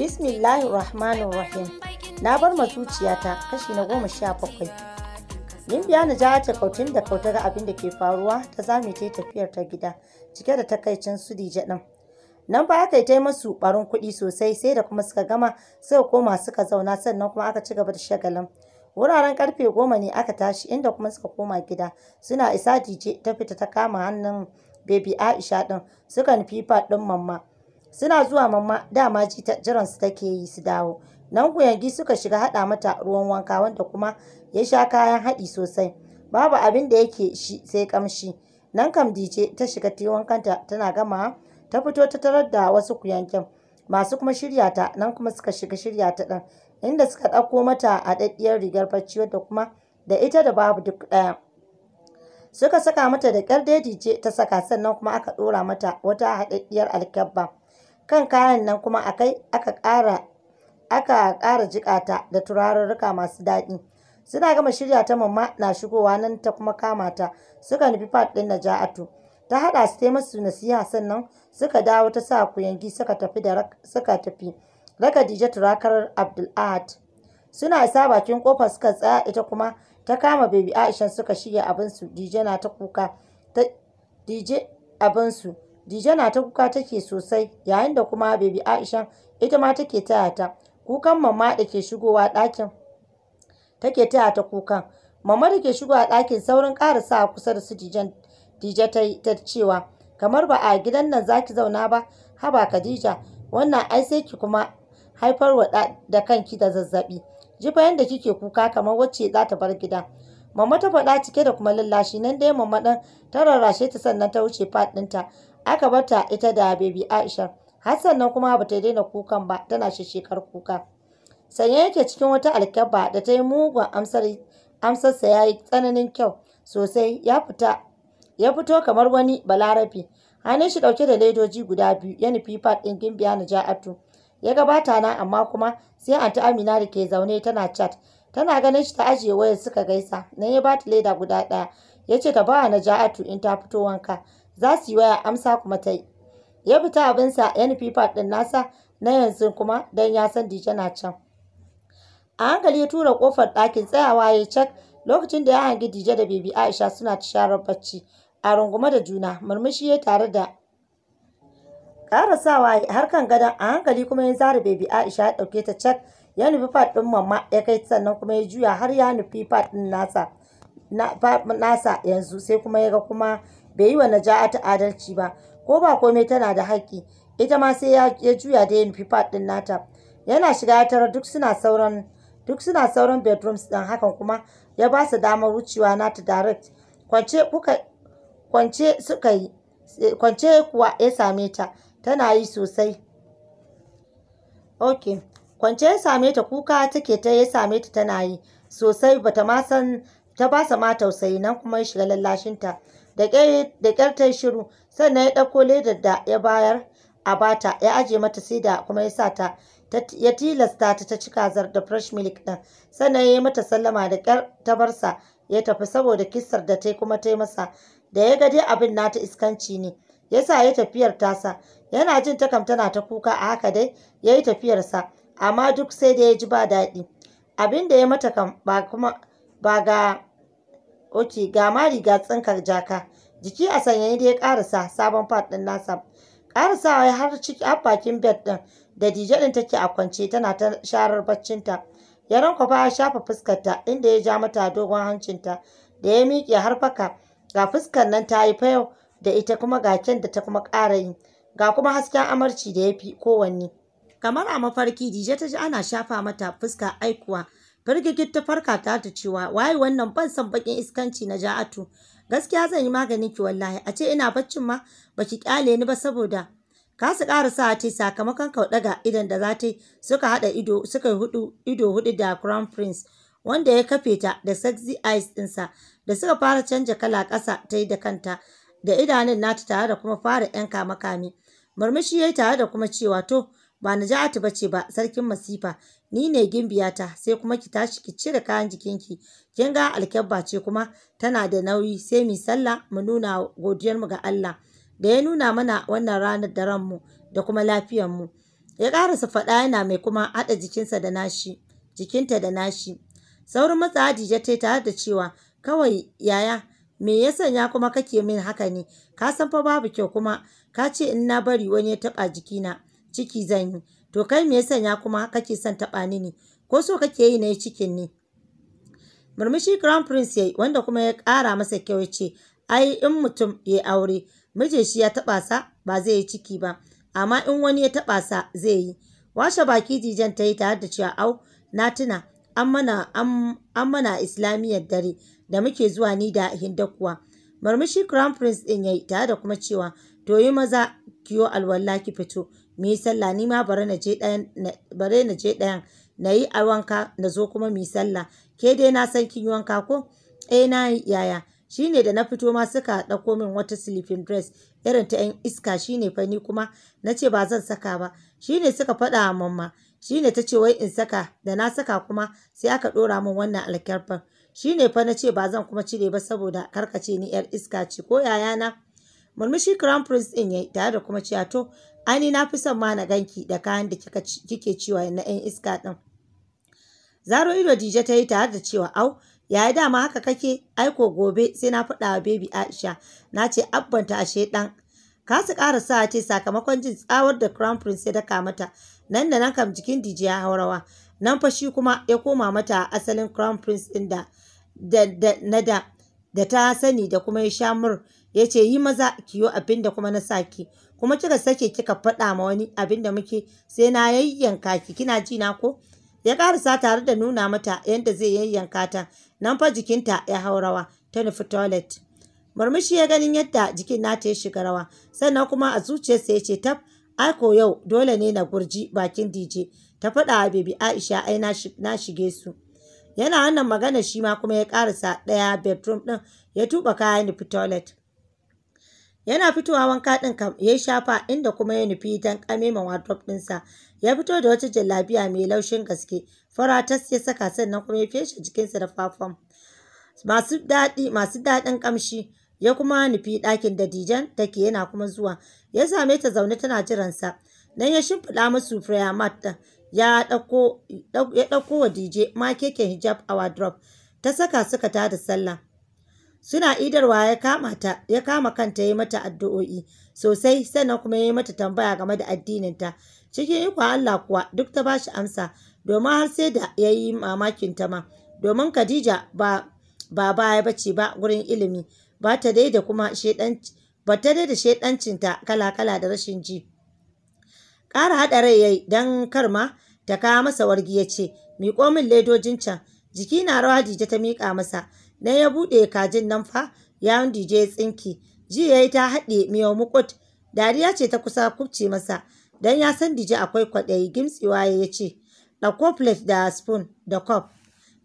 bismillahir rahmanir rahim na bar ma zuciyata kashi na goma sha bakwai yin biya na jaha ta kautin da kautar abin da ke faruwa ta zame ta tafiyar ta gida cike da takaicin su dije din nan ba aka yi ta masu barin kuɗi sosai sai da kuma suka gama suka koma suka zauna sannan kuma aka ci gaba da shagalin wuraren karfe goma ne aka tashi inda kuma suka koma gida suna isa dije ta fita ta kama hannun bebi aisha ɗin, suka nufi faɗin mamma suna zuwa mamma dama jiran su take yi su dawo nan kuyangi suka shiga haɗa mata ruwan wanka wanda kuma ya sha kayan haɗi sosai babu abin da yake shi sai kamshi nan kam dije ta shiga ta wankanta tana gama ta fito ta tarar da wasu kuyankin masu kuma shirya ta nan kuma suka shiga shirya ta ɗan inda suka ɗauko mata a ɗaɗɗiyar rigar bacci wadda kuma da ita da babu duk ɗaya suka saka mata da ƙyar daidaije ta saka sannan kuma aka ɗora mata wata haɗaɗɗiyar alkyabba kan kayan nan kuma akai aka ƙara aka ƙara jiƙata da turarurruka masu daɗi suna gama shirya ta mamma na shigowa nan ta kuma kama ta suka nufi fat ɗin naja'atu ta haɗa su tai musu nasiha sannan suka dawo ta sa kuyangi suka tafi da suka tafi raka dije turakar abdul ahad suna isa bakin kofa suka tsaya ita kuma ta kama baby aisha suka shirya abinsu dije na ta kuka ta dije abinsu Dija na ta kuka take sosai yayin da kuma bebi Aisha ita ma take taya ta kukan mamma da ke shigowa ɗakin take taya ta kukan mama da ke shigowa ɗakin saurin ƙara sa kusa da su Dijan Dija ta cewa kamar ba a gidan nan zaki zauna ba haba Khadija wannan ai sai ki kuma haifarwa da kanki da zazzabi fa yanda kike kuka kamar wacce za ta bar gida mama ta faɗa cike da kuma lallashi nan dai mama ɗan ta rarrashe ta sannan ta wuce fat ɗinta aka bata ita da bebi Aisha Hassan nan kuma bata daina kukan ba tana shi shishikar kuka sanye yake cikin wata alkaba da ta yi mugun amsar amsar ya yi tsananin kyau sosai ya fita ya fito kamar wani balarabi hannun shi dauke da ledoji guda biyu ya nufi fat din gimbiya na ja'atu ya gabata na amma kuma sai anti amina da ke zaune tana chat tana ganin shi ta ajiye wayar suka gaisa nan ya bata leda guda ɗaya yace ta ba na ja'atu in ta fito wanka za su yi waya amsa kuma ta yi ya fita abinsa ya nufi pad ɗin nasa na yanzu kuma dan ya san dije na can a hankali ya tura kofar ɗakin tsayawa ya cak lokacin da ya hangi dije da bibi aisha suna sharar bacci a runguma da juna murmushi ya tare da karasawa har kan gadon a hankali kuma ya zara bebi aisha ya ɗauke ta cak ya nufi pad ɗin mamma ya kai sannan kuma ya juya har ya nufi pad ɗin nasa nasa yanzu sai kuma ya ga kuma bai yi wa ta adalci ba ko ba komai tana da haƙƙi ita ma sai ya juya da ya nufi fat ɗin nata yana shiga ya tarar duk suna sauran duk suna sauran bedrooms ɗin hakan kuma ya ba su damar wucewa nata direct kwance suka yi eh, kwance kuwa ya same ta tana yi sosai ok kwance ya same ta kuka take ta ya same ta tana yi sosai bata ma san ta ba sa ma tausayi nan kuma ya shiga lallashinta da ƙyar ta yi shiru sannan ya ɗauko ledar da ya bayar a bata ya aje mata sai da kuma ya sa ta ya tilasta ta ta ci kazar da fresh milk ɗin sannan ya yi mata sallama da ƙyar ta bar sa ya tafi saboda kisar da ta kuma ta yi masa da ya gade dai abin nata iskanci ne ya sa ya tafiyar tasa yana jin takam tana ta kuka a haka dai ya yi tafiyar sa amma duk sai da ya ji ba daɗi abin da ya mata kam ba kuma ba ga ok ga ma riga tsinkar jaka jiki a sanyayi da ya karasa sabon fat din nasa karasawa ya har ciki a bakin bed din da dije din take a kwance tana ta sharar baccinta ya rankwafa ya shafa fuskarta inda ya ja mata dogon hancin ta da ya miƙe har faka ga fuskar nan ta yi fayau da ita kuma ga kyan da ta kuma ƙara yi ga kuma hasken amarci da ya fi kowanne kamar a mafarki dije ta ji ana shafa mata fuska aikuwa firgigit ta farka ta ta cewa waye wannan ban san bakin iskanci na ja'atu gaskiya zan yi maganin ki wallahi a ce ina baccin ma baki kyale ni ba saboda ka su ƙara sa ta sakamakon kauɗaga idan da za ta suka haɗa ido suka hudu ido hudu da crown prince wanda ya kafe ta da sexy eyes ɗinsa da suka fara canja kala kasa ta yi da kanta da idanun nata tare da kuma fara yan kama kame-kame. Murmushi ya yi tare da kuma cewa to ba na ja'atu ce ba sarkin masifa ni ne gimbiyata sai kuma ki tashi ki cire kayan jikinki kin ga alkyabba ce kuma tana da nauyi sai mu sallah mu nuna godiyar mu ga Allah da ya nuna mana wannan ranar da ranmu da kuma lafiyar mu ya karasa faɗa yana mai kuma haɗa jikinsa da nashi jikinta da nashi saurin matsa Hadija ta tare da cewa kawai yaya me ya sanya kuma kake min haka ne ka san fa babu kyau kuma ka ce in na bari wani ya taɓa jikina ciki zan yi To kai me ya kuma kake son taɓa ni ne? Ko so kake yi na cikin ne? Murmushi Crown Prince ya wanda kuma ya kara masa kyau ya ce, ai in mutum ya aure, mijin shi ya taba sa ba zai yi ciki ba, amma in wani ya taɓasa sa zai yi. Washe baki jijan ta yi tare da cewa au, na tuna, an mana an mana islamiyyar dare da muke zuwa ni da hindakuwa Murmushi Crown Prince din yayi yi tare da kuma cewa, to yi maza kiyo alwala ki fito mu yi sallah ni ma bare na je ɗayan na yi a wanka na zo kuma mu yi sallah ke dai na san kin yi wanka ko eh na yaya shine da na fito ma suka ɗauko min wata sleeping dress irin ta yan iska shine fa ni kuma na ce ba zan saka ba shine suka faɗa wa mamma shine ta ce wai in saka da na saka kuma sai aka ɗora min wannan alkyarfar shine fa na ce ba zan kuma cire ba saboda karkace ni yar iska ce ko yayana murmushi crown prince din yayi tare da kuma cewa to ani na fi son ma na ganki da kayan da kike cewa na yan iska din zaro ido dije ta yi tare da cewa au yaya dama haka kake aiko gobe sai na faɗa wa baby aisha na ce abbanta ashe ɗan kasu ƙara sa ce sakamakon jin tsawar da crown prince ya daka mata nan da nan kam jikin dije ya haurawa nan fa shi kuma ya koma mata a asalin crown prince ɗin da na da da ta sani da kuma ya sha ya ce yi maza ki yi abin da kuma na sa ki kuma kika sake kika faɗa ma wani abin da muke sai na yayyanka ki kina ji na ko ya karasa tare da nuna mata yadda zai yayyanka ta nan fa jikinta ya hau rawa ta nufi toilet murmushi ya ganin yadda jikin nata ya shiga rawa sannan kuma a zuciyarsa ya ce tab ko yau dole ne na gurji bakin dj ta faɗa wa bebi aisha ai na shige su yana wannan magana shi ma kuma ya karasa ɗaya bedroom ɗin ya tuba kayan nufi toilet Yana fitowa wanka ɗin kam ya shafa inda kuma ya nufi don ƙameman wardrobe ɗinsa. Ya fito da wata jallabiya mai laushin gaske, fara ta ya saka sannan kuma ya feshe jikinsa da fafon. Masu daɗi masu daɗin ƙamshi ya kuma nufi ɗakin da Dijan take yana kuma zuwa. Ya same ta zaune tana jiransa. Nan ya shimfiɗa musu prayer mat Ya ɗauko wa Dije ma keken hijab a wardrobe. Ta saka suka tada sallah. suna idarwa ya kama ta ya kama kanta ya mata addu'o'i sosai sannan kuma ya mata tambaya game da addininta cikin ikon Allah kuwa duk ta bashi amsa domin har sai da ya yi mamakin ta ma domin Khadija ba ba baya bace ba gurin ilimi ba ta dai da kuma shedan ba ta dai da ta kala-kala da rashin ji ƙara haɗa rai yayi don karma ta kawo masa wargi ya ce miƙo min ledojin can jiki na rawa dije ta miƙa masa Dan ya buɗe kajin nan fa yawon DJ ya tsinki. Ji ya yi ta haɗe miyau mukut. Dariya ce ta kusa kubce masa. Dan ya san DJ akwai kwaɗayi gimtsewa ya ce. Ɗauko plate da spoon da cup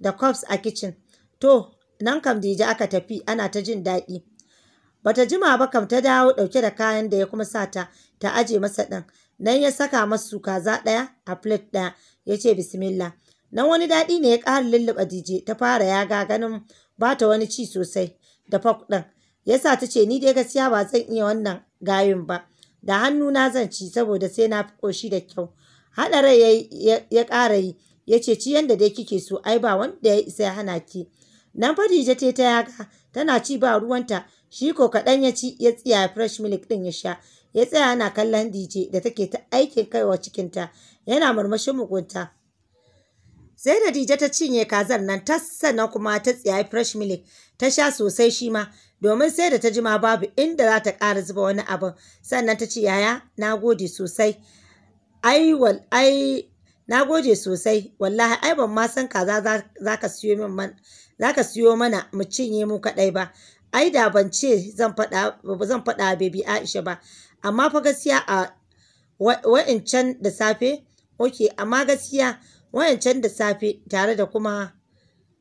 da cups a kitchen. To nan kam DJ aka tafi ana ta jin daɗi. Bata jima ba kam ta dawo ɗauke da kayan da ya kuma sata ta aje masa ɗin. Nan ya saka masu kaza ɗaya a plate ɗaya ya ce bismillah. Nan wani daɗi ne ya ƙara lulluɓa DJ ta fara ya ga ganin ba ta wani ci sosai da fok ɗin yasa ta ce ni dai gaskiya ba zan iya wannan gayun ba da hannu na zan ci saboda sai na fi ƙoshi da kyau haɗa rai ya ƙara yi ya ce ci yanda dai kike so ai ba wanda ya isa hana ki nan Khadija ta ta yaga tana ci ba ruwanta shi ko kaɗan ya ci ya tsiya fresh milk ɗin ya sha ya tsaya yana kallon dije da take ta aikin kaiwa cikinta yana murmushin mugunta sai da dija ta cinye kazar nan ta sannan kuma ta tsiyayi fresh milk ta sha sosai shi ma domin sai da ta ji ma babu inda za ta ƙara zuba wani abu sannan ta ce yaya na gode sosai ai wal ai na gode sosai wallahi ai ban ma san kaza za ka siyo min man za ka siyo mana mu cinye mu kaɗai ba ai da ban ce zan faɗa zan faɗa baby Aisha ba amma fa gaskiya a wa'incan da safe okay amma gaskiya wayancan da safe tare da kuma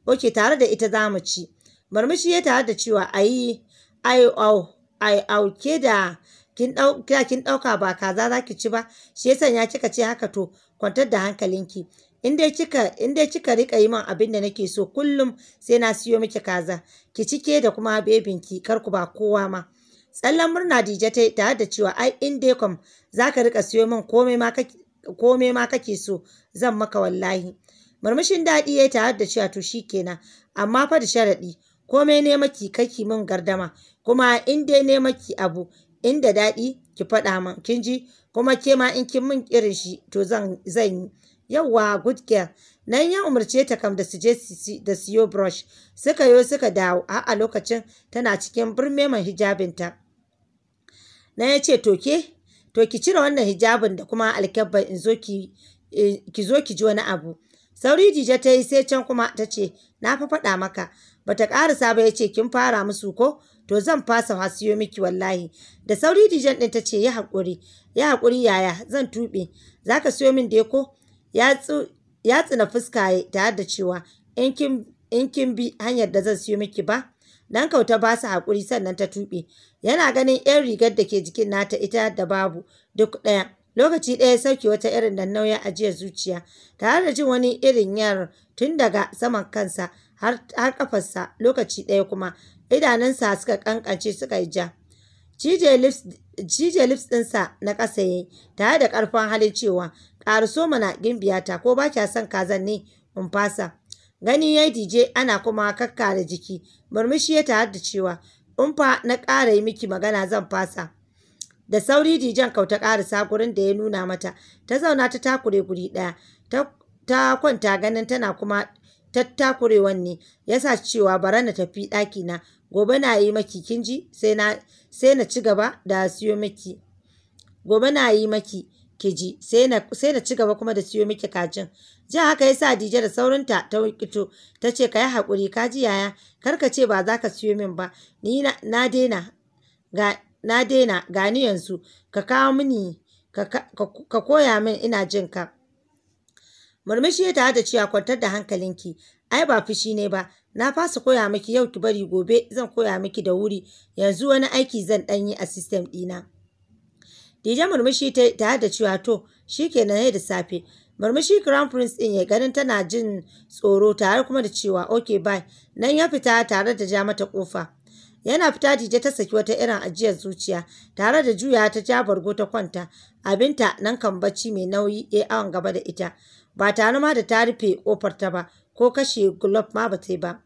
oke tare da ita zamu ci marmishi ya tare da cewa ayi ai au ai au ke da kin ɗauka ba kaza zaki ci ba shi yasa ya kika ce haka to kwantar da hankalinki in dai kika in dai kika rika yi min abin da nake so kullum sai na siyo miki kaza ki cike da kuma bebinki kar ku ba kowa ma tsallan murna Dije ta tare da cewa ai in dai kam zaka rika siyo min komai ma kake." komai ma kake so zan maka wallahi murmushin daɗi ya ta da cewa to shi kenan, amma fa da sharaɗi komai ne maki kaki min gardama kuma in dai ne maki abu inda daɗi ki faɗa min kin ji kuma ke ma in kin min irin shi to zan yi yawa good girl nan ya umarce ta kam da su je da siyo brush suka yo suka dawo a a lokacin tana cikin birme hijabinta na ya ce to to ki cire wannan hijabin da kuma alkyabba eh, ki zo ki ji wani abu sauri dija ta yi sai can kuma ta ce na fa faɗa maka bata ƙarasa ba ya ce kin fara musu ko to zan fasa hasiyo miki wallahi da sauri dijan ɗin ta ce ya haƙuri ya haƙuri yaya zan tuɓe za ka siyo min deko ya tsina fuska tare da cewa in kin bi hanyar da zan siyo miki ba Dan kauta ba su haƙuri sannan ta tuɓe. Yana ganin 'yan rigar da ke jikin nata ita da babu duk ɗaya. Lokaci ɗaya sauke wata irin da nauyin ajiya zuciya tare da jin wani irin 'yar tun daga saman kansa har ƙafarsa lokaci ɗaya kuma idanunsa suka kankance suka yi ja. Cije lips ɗinsa na ƙasa ya yi tare da ƙarfin halin cewa na mana gimbiyata ko ba kya son kazan ne in fasa. Gani ya yi dije ana kuma kakka da jiki, murmushi ya tare da cewa, "Umfa na ƙara yi miki magana zan fasa. Da sauri dijan kau ta ƙarisa gurin da ya nuna mata, ta zauna ta takure guri ɗaya, ta kwanta ganin tana kuma tattakurewan ne, ya sa cewa bara na tafi ɗakina, gobe na yi maki kinji sai na ci gaba da siyo miki. Gobe na yi maki ki sai na ci gaba kuma da siyo miki kajin jin haka yasa dije da saurinta ta wikito ta ce ka yi haƙuri ka ji yaya kar ka ce ba za ka siyo min ba ni na daina ga na daina gani yanzu ka kawo mini ka koya min ina jin ka murmushi ya tare da cewa kwantar da hankalinki ai ba fushi ne ba na fasa koya miki yau ki bari gobe zan koya miki da wuri yanzu wani aiki zan ɗan yi a system ɗina Dija murmushi ta tare da cewa to shikenan da safe. Murmushi Crown Prince ɗin ya ganin tana jin tsoro tare kuma da cewa okay bye nan ya fita tare da ja mata kofa. Yana fita Dije ta saki wata irin ajiyar zuciya tare da juya ta ja bargo ta kwanta. Abinta nan kan bacci mai nauyi ya awon gaba da ita. Ba tare ma da ta rufe kofar ta ba ko kashe glove ma ba ta yi ba.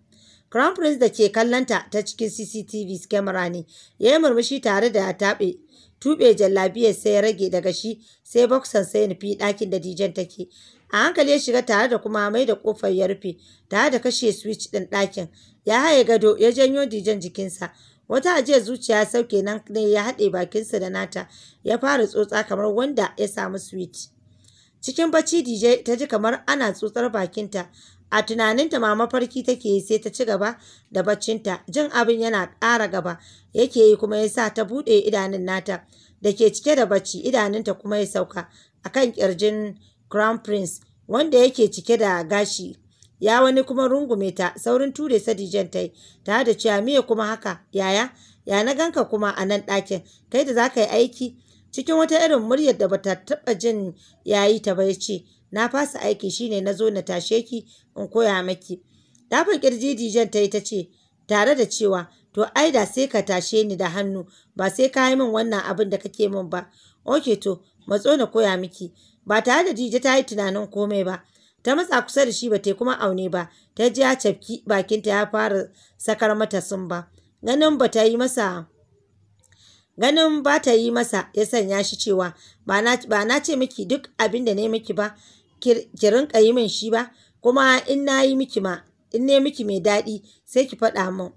Crown Prince da ke kallonta ta cikin CCTV kamara ne ya yi murmushi tare da ya taɓe Tube jallabiyar sai ya rage daga shi sai boksan sai ya nufi ɗakin da dijen take a hankali ya shiga tare da kuma mai da kofar ya rufe tare da kashe switch ɗin ɗakin ya haye gado ya janyo dijen jikinsa wata ajiyar zuciya sauke nan ne ya haɗe bakinsa da nata ya fara tsotsa kamar wanda ya samu switch cikin bacci dj ta ji kamar ana tsotsar bakinta a tunaninta ma mafarki take yi sai ta ci gaba da baccinta jin abin yana ƙara gaba yake yi kuma ya sa ta buɗe idanun nata da ke cike da bacci idanunta kuma ya sauka a kan ƙirjin crown prince wanda yake cike da gashi ya wani kuma rungume ta saurin ture sadijan ta yi ta da cewa miya kuma haka yaya ya na ganka kuma a nan ɗakin kai da za ka yi aiki cikin wata irin muryar da bata taɓa jin yayi ta ba ya ce na fasa aiki shine na zo na tashe ki in koya maki fa kirji dijan ta yi ce tare da cewa to ai da sai ka tashe ni da hannu ba sai ka yi min wannan abin da kake min ba oke to matso na koya miki ba tare da dije ta yi tunanin komai ba ta matsa kusa da shi ba ta kuma aune ba ta ji ya cafki bakinta ya fara sakar mata sun ba ganin ba ta yi masa ganin ba ta yi masa ya sanya shi cewa ba na ce miki duk abin da ne miki ba ki rinka yi min shi ba kuma in na yi miki ma in ne miki mai daɗi sai ki faɗa min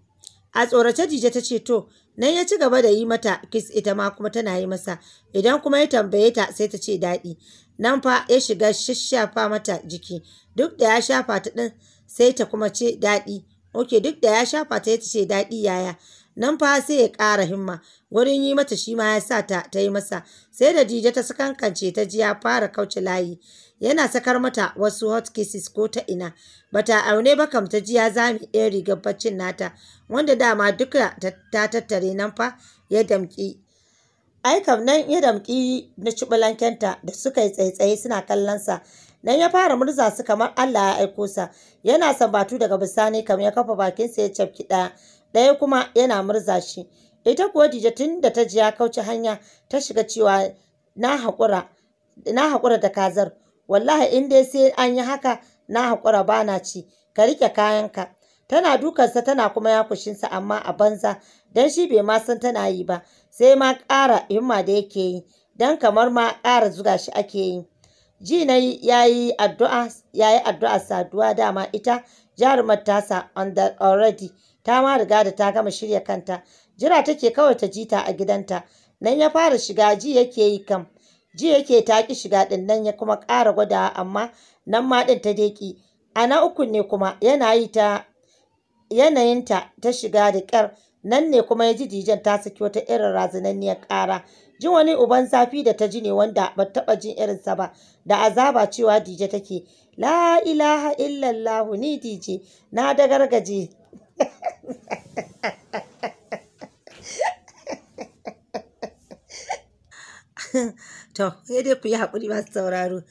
a tsorace jije ta ce to nan ya ci gaba da yi mata kis ita ma kuma tana yi masa idan kuma ya tambaye ta sai ta ce daɗi nan fa ya shiga shashafa mata jiki duk da ya shafa ta ɗin sai ta kuma ce daɗi ok duk da ya shafa ta ya ce daɗi yaya nan fa sai ya ƙara himma wurin yi mata shi ma ya sa ta ta yi masa sai da dija ta sakankance ta ji ya fara kauce layi yana sakar mata wasu hot kisses ko ta ina bata aune ba kam ta ji ya zami ɗaya rigar baccin nata wanda dama duka ta tattare nan fa ya damƙi ai nan ya damƙi na kenta da suka yi tsaitsaye suna kallon sa. nan ya fara murza su kamar Allah ya aiko sa yana sabatu daga bisani kam ya kafa bakinsa ya cafki ɗaya ɗaya kuma yana murza shi ita kuwa Dija tun da ta ji ya kauce hanya ta shiga cewa na haƙura da kazar wallahi in dai sai an yi haka na haƙura ba na ci ka riƙe kayanka tana dukansa tana kuma yakushinsa amma a banza don shi bai ma san tana yi ba sai ma ƙara himma da yake yi don kamar ma ƙara zuga shi ake yi ji na ya yi addu'a saduwa dama ita jarumar tasa already ta ma riga da ta gama shirya kanta jira take kawai ta jita a gidanta nan ya fara shiga ji yake yi kam ji yake ta ki shiga din nan ya kuma ƙara gwada amma nan ma din ta deki a na uku ne kuma yana yi ta yanayinta ta shiga da ƙyar nan ne kuma ya ji dijen ta saki wata irin razananniyar ƙara ji wani uban zafi da ta ji ne wanda ba taɓa jin irinsa ba da azaba cewa dije take la ilaha illallahu ni dije na da to ya dai ku yi haƙuri masu sauraro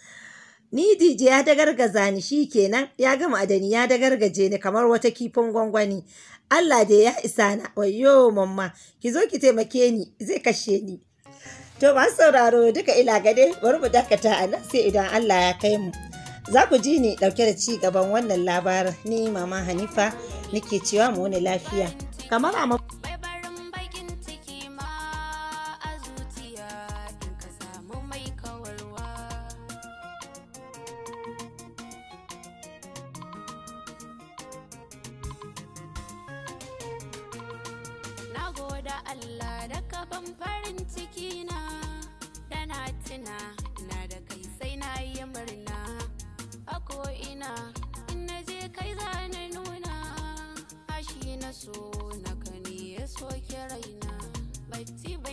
ni dj ya dagargaza ni shi kenan ya gama adani ya dagargaje ni kamar wata kifin gwangwani allah da ya isa na wayo mamma ki zo ki taimake ni zai kashe ni to masu sauraro duka ila gade bari mu dakata a nan sai idan allah ya kai mu za ku ji ni ɗauke da ci gaban wannan labarin ni mama hanifa nake cewa mu wani lafiya kamar a Allah da ka samu farin ciki na da na tuna na da kai sai na yi murna ko ina in na je kai za na nuna ashi na so na kani ya soke raina bacci ba